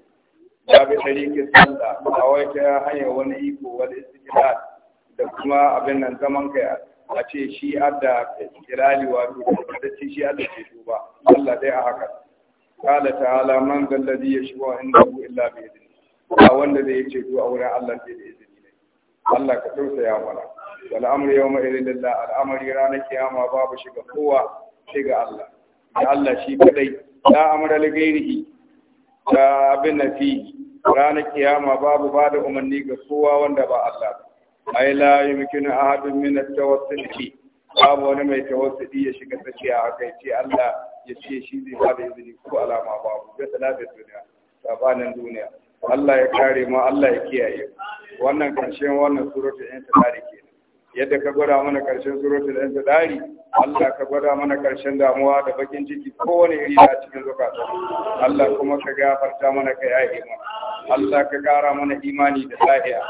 ya bi tarikin sanda a wata hanyar wani iko wani istijilal da kuma abin nan zaman kai a ce shi adda kirali wato da ce shi adda ce ba Allah dai a haka ta ta'ala man dal ladhi yashwa ku illa bi idni ba wanda zai ce to a wurin Allah zai da izini ne Allah ka tausaya mana wal amru yawma irin lillah al amri ranar kiyama babu shiga kowa sai ga Allah da Allah shi kadai Ya amra li gairihi ta abin na fi ranar kiyama babu ba da umarni ga kowa wanda ba Allah ai la a ahadun min at-tawassul fi babu wani mai tawassuli ya shiga tsakiya a kai ce Allah ya ce shi zai ba da izini ko alama babu da salafin duniya tsabanin duniya Allah ya kare ma Allah ya kiyaye wannan karshen wannan ta tare ke yadda ka gwada mana karshen yanzu intidari Allah ka gwada mana karshen damuwa da bakin ciki kowane iri a cikin zukata Allah kuma ka gafarta mana ka yi iman Allah ka kara mana imani da lahiya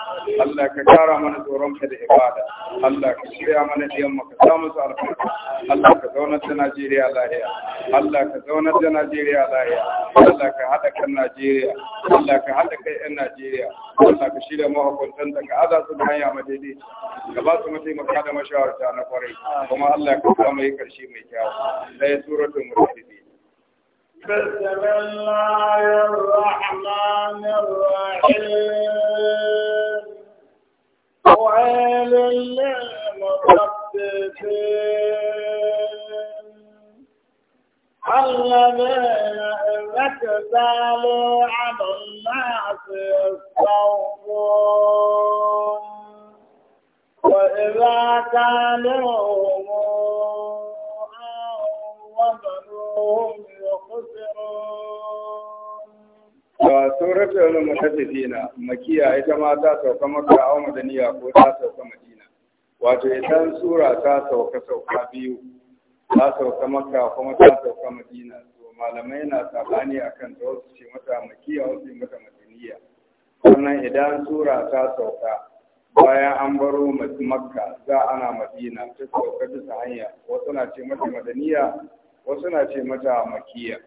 Allah ka kara mana tsoron ka da ibada Allah ka shirya mana diyan maka sa musu alfarma Allah ka zaunar da Najeriya lahiya Allah ka zaunar da Najeriya lahiya Allah ka haɗa kan Najeriya Allah ka haɗa kai yan Najeriya Allah ka shirya mahukuntan hukuntan ka azasu da hanya madaidaici ka ba su mataimaka da mashawarta na kwarai kuma Allah ka kama yi karshe mai kyau sai suratul mutaffifin بسم الله الرحمن الرحيم ويل للمطففين الذين إذا اكتالوا على الناس يستوفون sun وإذا كالوهم وزنوهم يخسرون سورة المتففين مكية إذا ما تاسوك مكة أو ko ta sauka madina, wato idan sura ta sauka sauka biyu ta sauka makka kuma ta sauka madina to malamai na sabani akan ta wasu ce mata makiya wasu mata madaniya wannan idan sura ta sauka bayan an baro makka za ana madina ta sauka bisa hanya wasu na ce mata madaniya wasu na ce mata makiya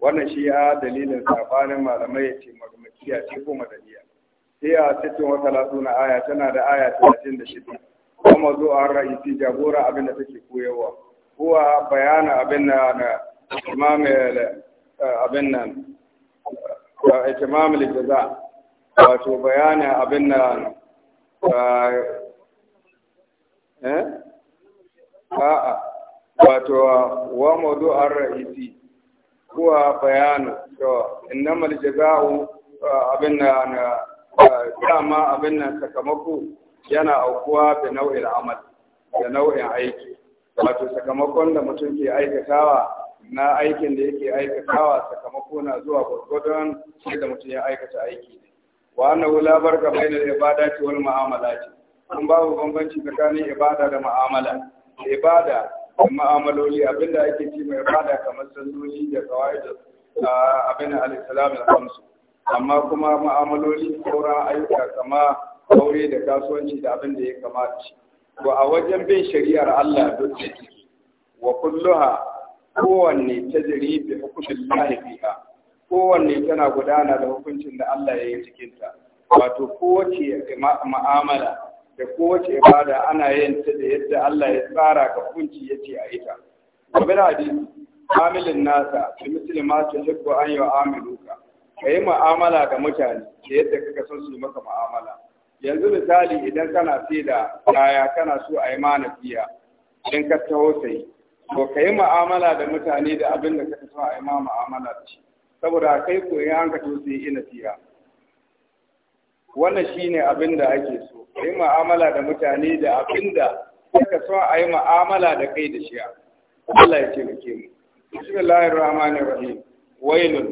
wannan shi ya dalilin safanin malamai ya ce makiya ce ko madaniya sai a cikin wata na aya tana da aya talatin da shida kuma zo a ra'isi jagora abin da take koyarwa kowa bayana abin na na imam abin nan itimam jaza wato bayana abin na Eh? a'a wato wa maudu an ra'isi kuwa bayanu to innama aljaza'u abin na dama abin nan sakamako yana aukuwa da nau'in amal da nau'in aiki wato sakamakon da mutum ke aikatawa na aikin da yake aikatawa sakamako na zuwa gwargwadon sai da mutum ya aikata aiki ne wa annahu la barka bainal ibadati wal mu'amalat kun babu bambanci tsakanin ibada da mu'amala ibada da mu'amaloli abinda ake ci mai ibada kamar salloli da qawaid abin al-islam al-khams amma kuma mu'amaloli sauran ayyuka kama aure da kasuwanci da abin da ya kamata a wajen bin shari'ar Allah duk wa kulluha kowanne tajri bi Allah fiha kowanne tana gudana da hukuncin da Allah ya yi cikinta wato kowace ma'amala da kowace ibada ana yin ta da yadda Allah ya tsara ga hukunci yace a ita abin hadisi amilin nasa bi misli ma tuhibbu an Ka kai ma'amala ga mutane da yadda kaka son su yi maka ma'amala. yanzu misali idan kana saida kaya kana so a yi mana fiya idan ka taho sai to kai ma'amala da mutane da abin da kaka so a yi ma ma'amala da shi saboda kai ko in an ka to sai ina tiya wannan shine abin da ake so kai mu'amala da mutane da abin da kake so a yi mu'amala da kai da shi Allah ya ce muke mu bismillahir rahmanir rahim wailun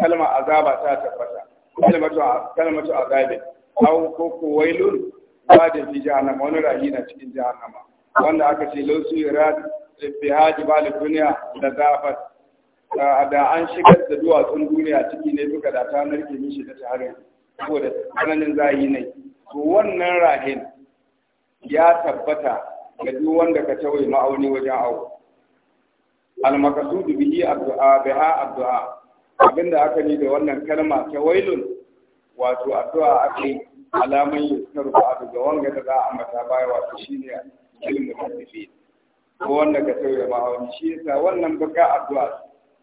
kalma azaba ta tabbata kalmatu kalmatu azabi aw ko ko wailun ba da fi jahannama wani rahi na cikin jahannama wanda aka ce lausu yurad fi hadi bal dunya da zafat da an shigar da duwatsun duniya ciki ne duka da ta narke mishi da tare saboda tsananin zayi ne to wannan rahin ya tabbata ga duk wanda ka tawaye ma'auni wajen awo almakasudu bihi addu'a biha addu'a abinda aka ni da wannan kalma ta wailun wato addu'a ake alaman yuskar ba ga wanga da za a mata baya wato shine ilmu tafiye ko wanda ka tawaye ma'auni shi yasa wannan baka addu'a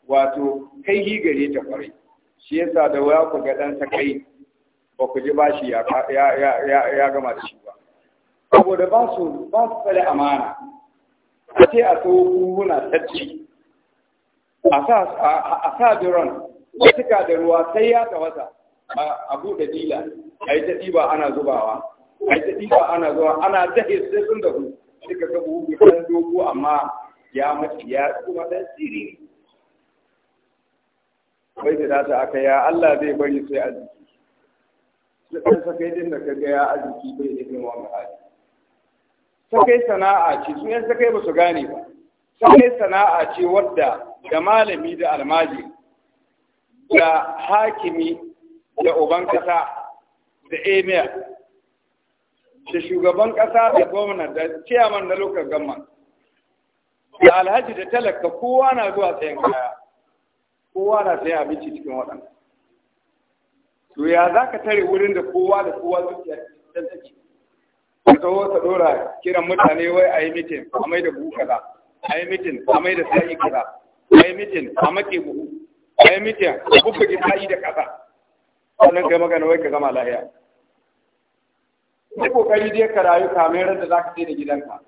wato kai hi gare ta kwarai shi yasa da waya ku ga ɗansa kai ba ku ji bashi ya ya gama da shi ba saboda ba su ba su tsare amana a ce a so huna tacci a sa duron, suka da ruwa sai ya wata a buɗe dila a yi ta ɗiba ana zubawa a yi ta ɗiba ana zuwa ana dahe sai sun da su suka ga buhu ɗan dogo amma ya mace ya kuma ɗan siriri bai da ta aka ya Allah zai bari sai a jiki duk ɗan kai din da ka ya a jiki bai da irin wannan hali sakai sana'a ce su yan sakai ba su gane ba sakai sana'a ce wadda da malami da almaji da hakimi da uban kasa da emir da shugaban kasa da gwamnati, da ciyaman na lokacin gamman da alhaji da talaka kowa na zuwa tsayin kaya kowa na sayan abinci cikin waɗanda to ya za ka tare wurin da kowa da kowa zuciya cikin ciki? ka taho ka dora kiran mutane wai a yi mitin a mai da buhu kaza a yi mitin a mai da sa'i kaza a yi mitin a maƙe buhu a yi mitin a bubbuge sa'i da kaza sannan kai magana wai ka zama lahiya Ni kokari dai ka rayu kamar yadda za ka je da gidanka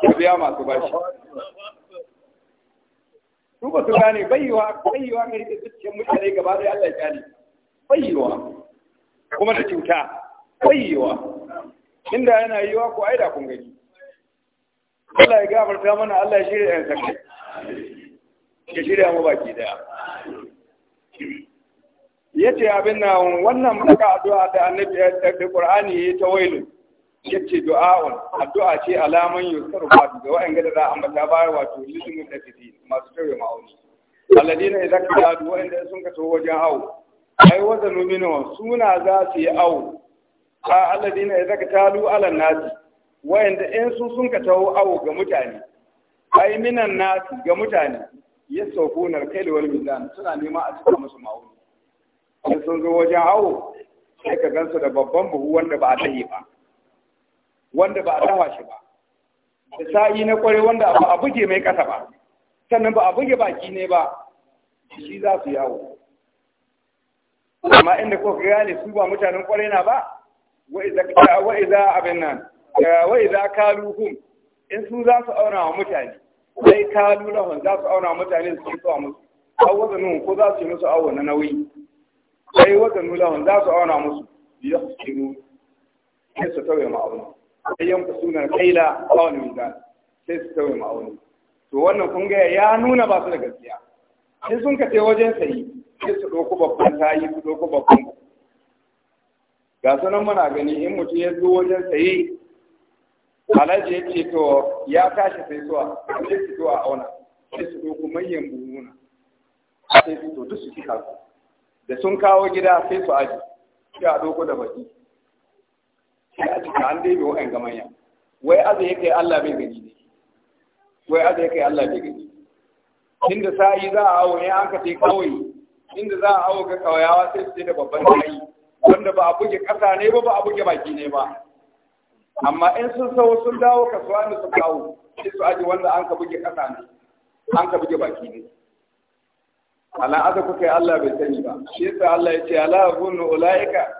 ka biya masu bashi su ba su gane bayyawa bayyawa ne da zuciyar mutane gaba da Allah ya ne bayyawa kuma da cuta bayyawa inda yana yiwa ko aida kun gani Allah ya gafarta mana Allah ya shirya yan sakai ya shirya mu baki daya yace abin nan wannan maka addu'a da annabi da Qur'ani ya tawailu yace du'a'un addu'a ce alaman yusuru ba da wa'an gada da ambata bayar wato lizumin da fiti masu tare ma'auni alladina idza kadu wa'anda sun ka tawo wajen awo ai wazanu minhu suna za su yi awo a alladina idza talu ala nasi wa'anda in su sun ka tawo awo ga mutane ai minan nasi ga mutane yasawquna kai da wal mizan suna nema a cikin musu ma'auni sai sun zo wajen awo sai ka gansu da babban buhu wanda ba a tayi ba wanda ba a dawa shi ba da sa'i na kware wanda ba a buge mai kasa ba sannan ba a buge baki ne ba shi za su yawo amma inda ga ne su ba mutanen kware na ba wa iza abin nan eh, wa iza kaluhum in su za su auna wa mutane sai kaluhum za su auna wa mutane su tsawa musu aw wazanun ko za su yi musu awo na nauyi sai wazanun lahun za su auna musu yasiru sai su tauye ma'auni sai yanku sunan kaila a wani mizan sai su tauye ma'auni to wannan kun ga ya nuna ba su da gaskiya sai sun kace wajen sayi sai su ɗauko babban tayi su ɗauko babban ga sunan muna gani in mutum ya zo wajen sayi alhaji ya ce to ya tashi sai zuwa sai su zuwa auna sai su ɗauko manyan buhuna sai su to duk su kika da sun kawo gida sai su aji sai a ɗauko da baki sai a cika an ga manya wai aza yake Allah bai gani ne wai aza yake Allah bai gani inda sa'i za a awo ne an ka sai kawai inda za a awo ga kawayawa sai su da babban sa'i wanda ba a buge kasa ne ba ba a buge baki ne ba amma in sun sau sun dawo kasuwa ne su kawo sai su aji wanda an ka buge kasa ne an ka buge baki ne ala aza kuka yi Allah bai sani ba shi yasa Allah ya ce ala gunnu ulaika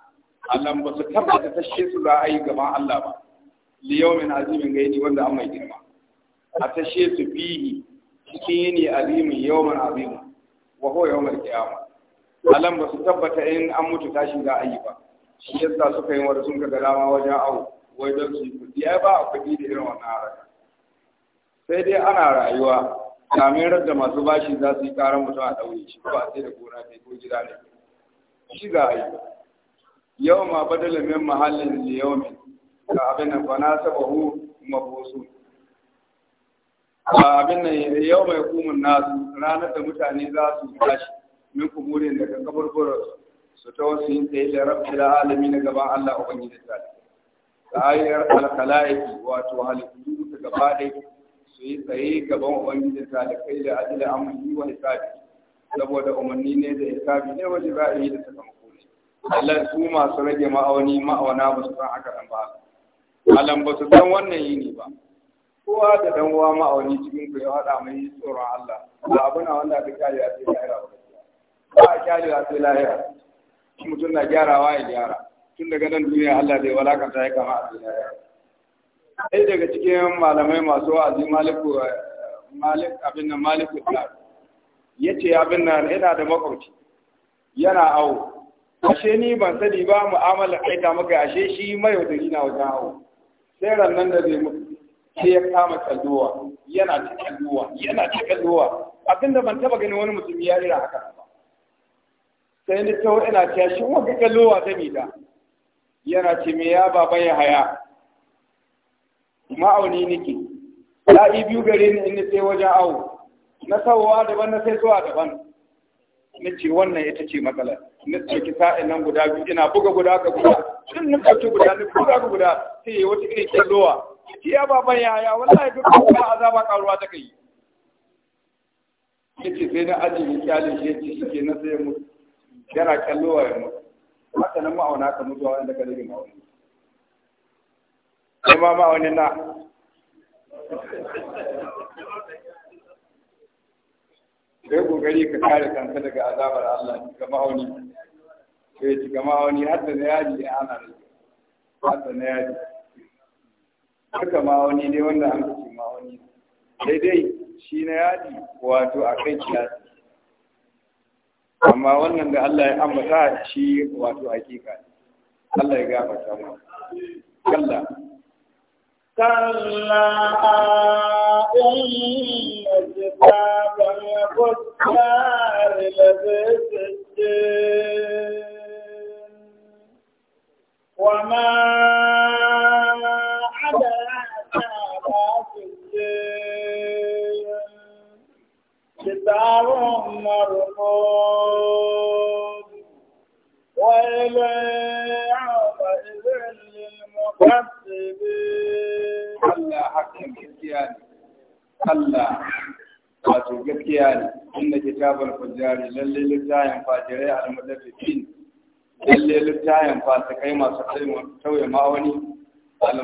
Allah ba su tabbata tashe su za a yi gaban Allah ba li yawmin azimin gaini wanda an mai girma a tashe su fihi cikin yini azimin yawmin azimin wa huwa yawmul qiyamah Allah ba su tabbata in an mutu tashi za a yi ba shi yasa suka yi wani sun ga dama wajen awo wai don su yi Ya ai ba a kuɗi da irin wannan haraka sai dai ana rayuwa kamin da masu bashi za su yi karan mutum a ɗaure shi ba sai da gona ne ko gida ne shi za a yi ba. yau ma badala min mahallin yau yawmin ka abin nan fa nasabahu mabusu ba abin nan yau mai kumun nasu ranar da mutane za su tashi min kuburin daga kaburburar su ta wasu yin tsaye da rabbi da alami na gaban Allah a wani da ta ayar alkalaiki wato halittu da gaba ɗaya su yi tsaye gaban ubangiji ta da kai da ajiyar yi wa hisabi saboda umarni ne da hisabi ne wajen ra'ayi da sakamako Allah su masu rage ma'auni ma'auna ba su san haka nan ba Alam ba su san wannan yini ba kowa da dan uwa ma'auni cikin ku ya hada mai tsoron Allah ba abin a wanda ka kyale sai lahira ba a kyale sai lahira Shin mutum na gyarawa ya gyara tun daga nan duniya Allah zai walakanta ya kama a duniya. lahira ɗaya daga cikin malamai masu wa'azi maliku malik abin nan maliku ya ce abin nan yana da makwabci yana awo ashe ni ban sani ba mu'amala kai ta maka ashe shi mai shi na wajen hau sai rannan da zai mutu sai ya kama kalluwa yana ta kalluwa yana ta kalluwa abinda ban taba gani wani mutum ya rira haka ba sai ni wani ina ta shi wani kalluwa ta mita yana ce me ya baba ya haya ma'auni nake yi biyu gare ni in ni sai wajen awo na sauwa daban na sai zuwa daban nace wannan ita ce matsalar na ɗauki sa'in nan guda biyu ina buga guda ka guda sun nan ɗauki guda ne buga ka guda sai ya wata irin kyallowa ki ya baban yaya wallahi duk kuma azaba karuwa ta kai yace sai na aji ya kyale shi yace shi ke na sai mu yana kyallowa ya mutu haka nan ma'auna ka mutuwa wanda ka rage ma'auni sai ma ma'auni na ka yi kokari ka kare kanka daga azabar Allah ga ma'auni ka eh, yi ga ma'auni har da na yaji ya ana rage har da na yaji duka ma'auni dai wanda an kace ma'auni daidai shi na yaji wato a kai kiyasi amma wannan da Allah ya ambata shi wato hakika Allah ya gafarta mu kalla kalla kò kafirai al ne lalle littayan fasikai masu tauye ma wani al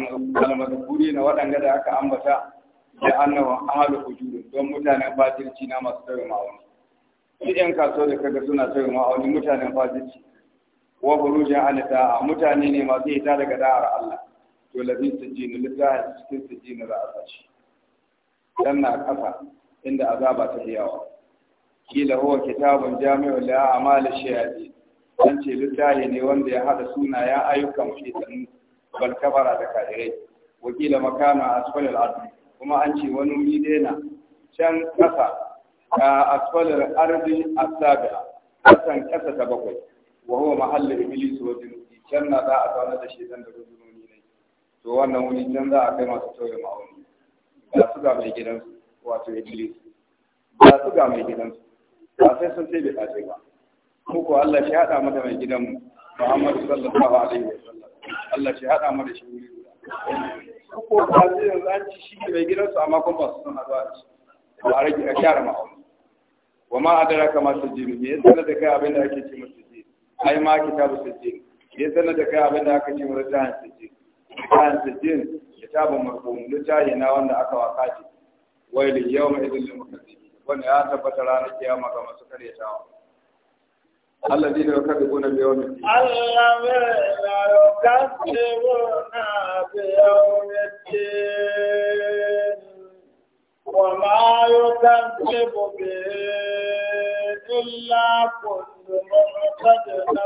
na waɗanda da aka ambata da annawa ahalu hujurun don mutanen fatirci na masu tauye ma wani shi yan kaso da kaga suna tauye ma wani mutanen fatirci wa burujin alita mutane ne masu ta daga da'ar Allah to labin sujjini littayan cikin sujjini za a sashi dan na kasa inda azaba ta yawa kila huwa kitabun jami'u li a'mal ash-shayatin an ce littafi ne wanda ya hada sunayen ayyukan shaytanu bal kabara da kafirai wa kila makana asfal al-ard kuma an ce wani wuri daina can kasa asfal al-ard as-sabi'a kasan kasa ta bakwai wa huwa mahallu iblis wa jinni can na za a zauna da shaytan da rujunoni ne to wannan wuri can za a kai masu tauye ma'auni ga su ga mai gidansu wato iblis ga su ga mai gidansu ba sai sun ce bai dace ba ko ko Allah shi hada mu mai gidan Muhammadu sallallahu alaihi wa sallam Allah shi hada mu shi wuri ko ko ba sai yanzu an ci shi mai gidan su amma kuma ba su san azaba shi ba a rage a share ma'auni wa ma adraka ma sajjin me sanar da kai abin da ake ce masa sajjin ai ma kitabu sajjin me sanar da kai abin da aka ce masa tahan sajjin tahan sajjin kitabun marhum litahi na wanda aka waka ce wailin yawma idil lil mukazzibin wanda ya tabbata ranar kiyama ga masu kare ta wa. Allah zai daga kada gona biyar wani. Allah mai na roƙa ce gona biyar wani ce. Wama yau kan ce bobe illa kundin mutu kada na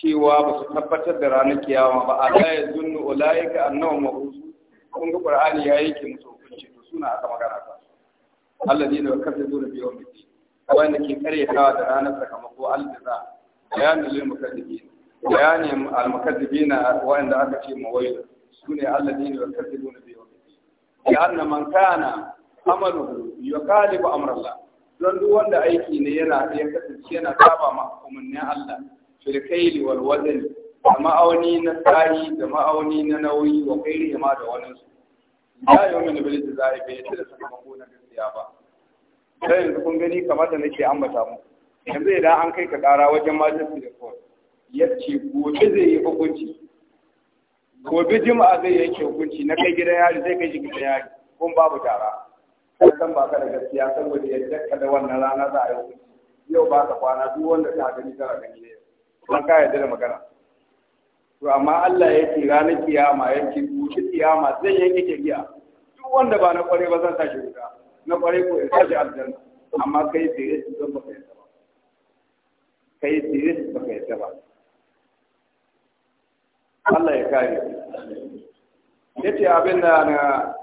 cewa ba su tabbatar da ranar kiyama ba a la yazunnu ulaika annahum mabusu kun ga qur'ani ya yake musu hukunci to suna aka magana ta allazi da kafaru da yawm biki wanda ke karyatawa da ranar sakamako aljaza bayanin lil mukaddibin bayanin al mukaddibin wanda aka ce mawailu sune Allah allazi da kafaru da yawm biki ya anna man kana amaluhu yukalibu amrallah don duk wanda aiki ne yana ya kasance yana saba ma umarnin Allah filkaili wal wazan da ma'auni na tsari da ma'auni na nauyi wa kairi ma da wani su ya yi wani bil da zai bai ta da na gaskiya ba sai yanzu kun gani kamar da nake ambata mu yanzu idan an kai ka kara wajen majalisar da kawai ya ce gobe zai yi hukunci gobe jima'a zai yanke hukunci na kai gidan yari zai kai gidan yari kun babu tara sai san ba ka da gaskiya saboda yadda ka da wannan rana za a yi hukunci yau ba ka kwana duk wanda ta gani tana gani ne an ka yarda da magana to amma Allah ya ce rana kiyama ya ce duki kiyama zai yake giya duk wanda ba na kware ba zan tashi wuta na kware ko ya tashi aljanna amma kai tsere su zan baka yarda ba kai tsere su baka yarda ba Allah ya kare ya ce abin da na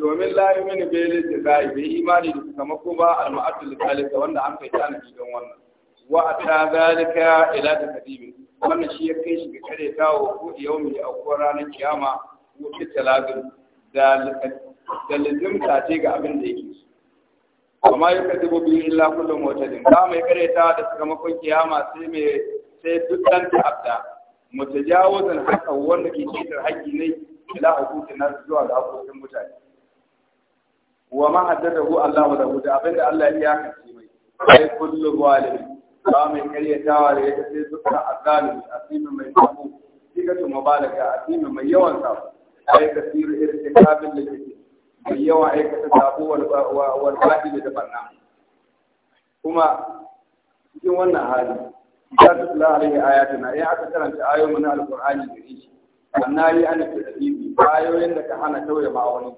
domin layi mini bai lissa zai bai imani da su ko ba al da salisa wanda an kai tana gidan wannan wa ata zalika ila takdibi wannan shi ya kai shi ga kare tawo ko yaumi a ko ranar kiyama ko talagin da da ta ce ga abin da yake so amma ya kadibo bi illa kullu mutadin ba mai kare ta da sakamakon kiyama sai mai sai duk dan ta'abda mutajawazan haka wanda ke cikin haƙƙi ne ila hukumin nasu zuwa ga hukumin mutane wa ma hu Allah da hudu abinda Allah ya kace mai ai kullu zalim ba mai karyatawa da ya tafi suka azalimi asimi mai samu sikatu mubalaga asimi mai yawan samu ai kasiru irtikabin lil mai yawan aikata sabo wal fa'ida da barna kuma cikin wannan hali ya ta tutla alaihi ayatuna ya aka karanta ayoyi na alqur'ani da shi annabi an tadbibi ayoyin da ka hana tauye ma wani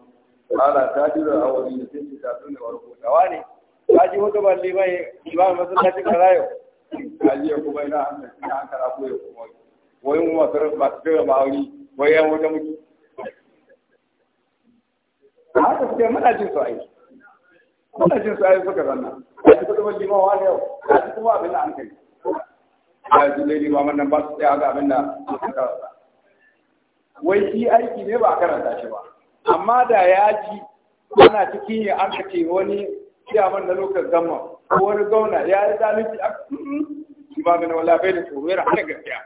qala tadiru awli sai ta tuna warko dawa ne kaji hudu ban ba liman masallaci kaza yau kaji ya kuma ina an an kara ko ya kuma wai mu masu masu ba ma'auni wai yan wata muke haka suke muna jin su ai muna jin su ai suka zanna kaji hudu ban liman wani yau kaji kuma abin da an kai kaji ne liman nan ba su tsaya ga abin da suka karanta wai shi aiki ne ba a karanta shi ba amma da ya ji ana cikin ya an kace wani man na lokacin zama ko wani gauna ya yi zalunci a shi ba gana wala bai da tsoro yana hana gaskiya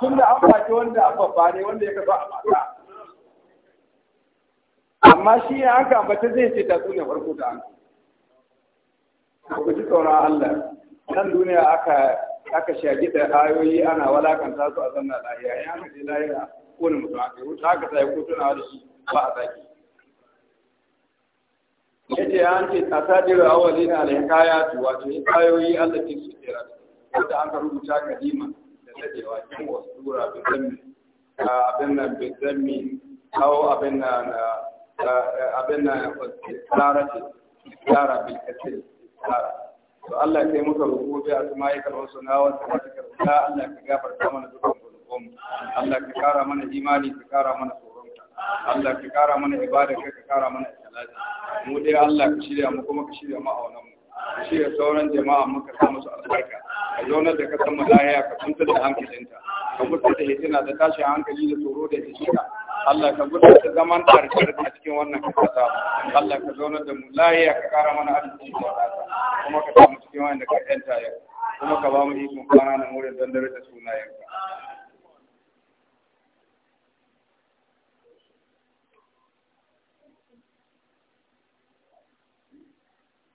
tun da an face wanda an babba ne wanda ya kafa a mata amma shi ne an ambata zai ce ta tsune farko da an ku ji tsoron Allah nan duniya aka aka shagi da ayoyi ana walakanta su a zanna lahiya ya haka dai lahiya ko ne mutum aka yi wuta aka sai ko tunawa da shi ba a zaki yace an ce asadir ya kaya su, wato ya Allah ke su tsira wanda an rubuta kadima da dadewa kin wasura bi a abin nan bi zammi kawo abin nan abin nan tsara ce tsara bil kasir tsara to Allah kai muka rubuta asma'ika suna sunawa wa sifatika Allah ka gafarta mana dukkan zunubanmu Allah ka kara mana imani ka kara mana tsoronka Allah ka kara mana ibada ka kara mana mu dai Allah ka shirya mu kuma ka shirya mu mu ka shirya sauran jama'a mu ka sa musu albarka ka zauna da ka san ka tunta da hankalinta ka mutu da hitina da tashin hankali da tsoro da hishika Allah ka gudu da zaman tarkar a cikin wannan kasa Allah ka zauna da mu lahiya ka kara mana arziki da wadata kuma ka samu cikin wanda ka yanta yau kuma ka ba mu ikon kwana na murin don daraja sunayenka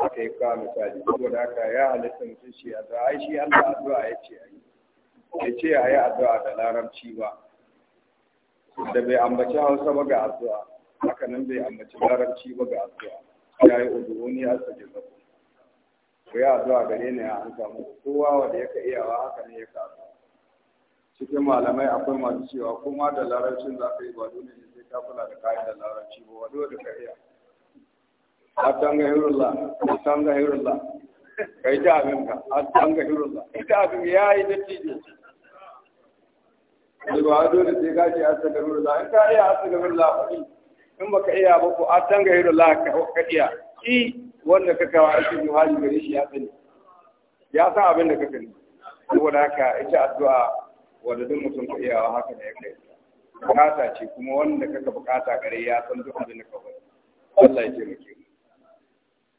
aka yi kawo misali saboda haka ya halittar mutum shi a ai shi Allah addu'a ya ce a yi. ya ce a yi addu'a da larabci ba da bai ambaci hausa ba ga addu'a haka nan bai ambaci larabci ba ga addu'a ya yi udu'uni a sajin zafi ku yi addu'a gare ni a an samu kowa wanda iya iyawa haka ne ya kasu cikin malamai akwai masu cewa kuma da larabcin za ka yi ba dole ne sai ka kula da kayan da larabci ba wani wanda ka iya hatan ga hirullah hatan ga hirullah kai ta abin ka hatan ga hirullah ita abin yayi da tiji da ba dole sai ka ce hatan ga hirullah in ka iya hatan ga hirullah in baka iya ba ko hatan ga hirullah ka iya shi wanda ka kawo aikin muhalli gare shi ya sani ya san abin da ka sani saboda haka ita addu'a wanda duk mutum ka iyawa haka ne ya kai bukata ce kuma wanda kaka bukata gare ya san duk abin da ka faɗi Allah ya taimake mu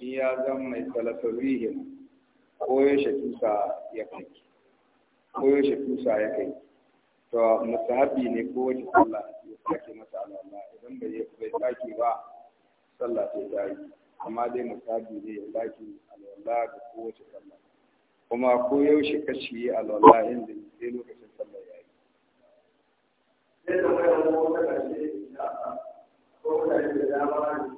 in ya zan mai salafin ko ya shafusa ya kai ko ya ya kai to musahabi ne ko wace sallah ya sake masa alama idan bai bai sake ba sallah sai ta yi amma dai musahabi ne ya sake alwala da kowace sallah kuma ko yaushe ka ci alwala inda sai lokacin sallah ya yi. Sai da wani wata ƙarshe da ko mutane da dama ne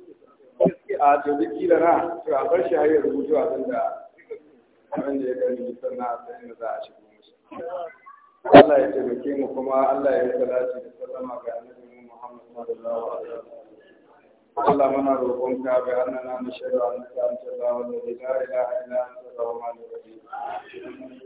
a to kila na to a bar shi har ya rubutu a san abin da ya gani sannan na asali na za a shigo musu Allah ya taimake mu kuma Allah ya salati da sallama ga annabi Muhammad sallallahu alaihi wasallam Allah muna ka ga annana mu shaidu an ta amsa da wanda la ilaha illa anta subhanaka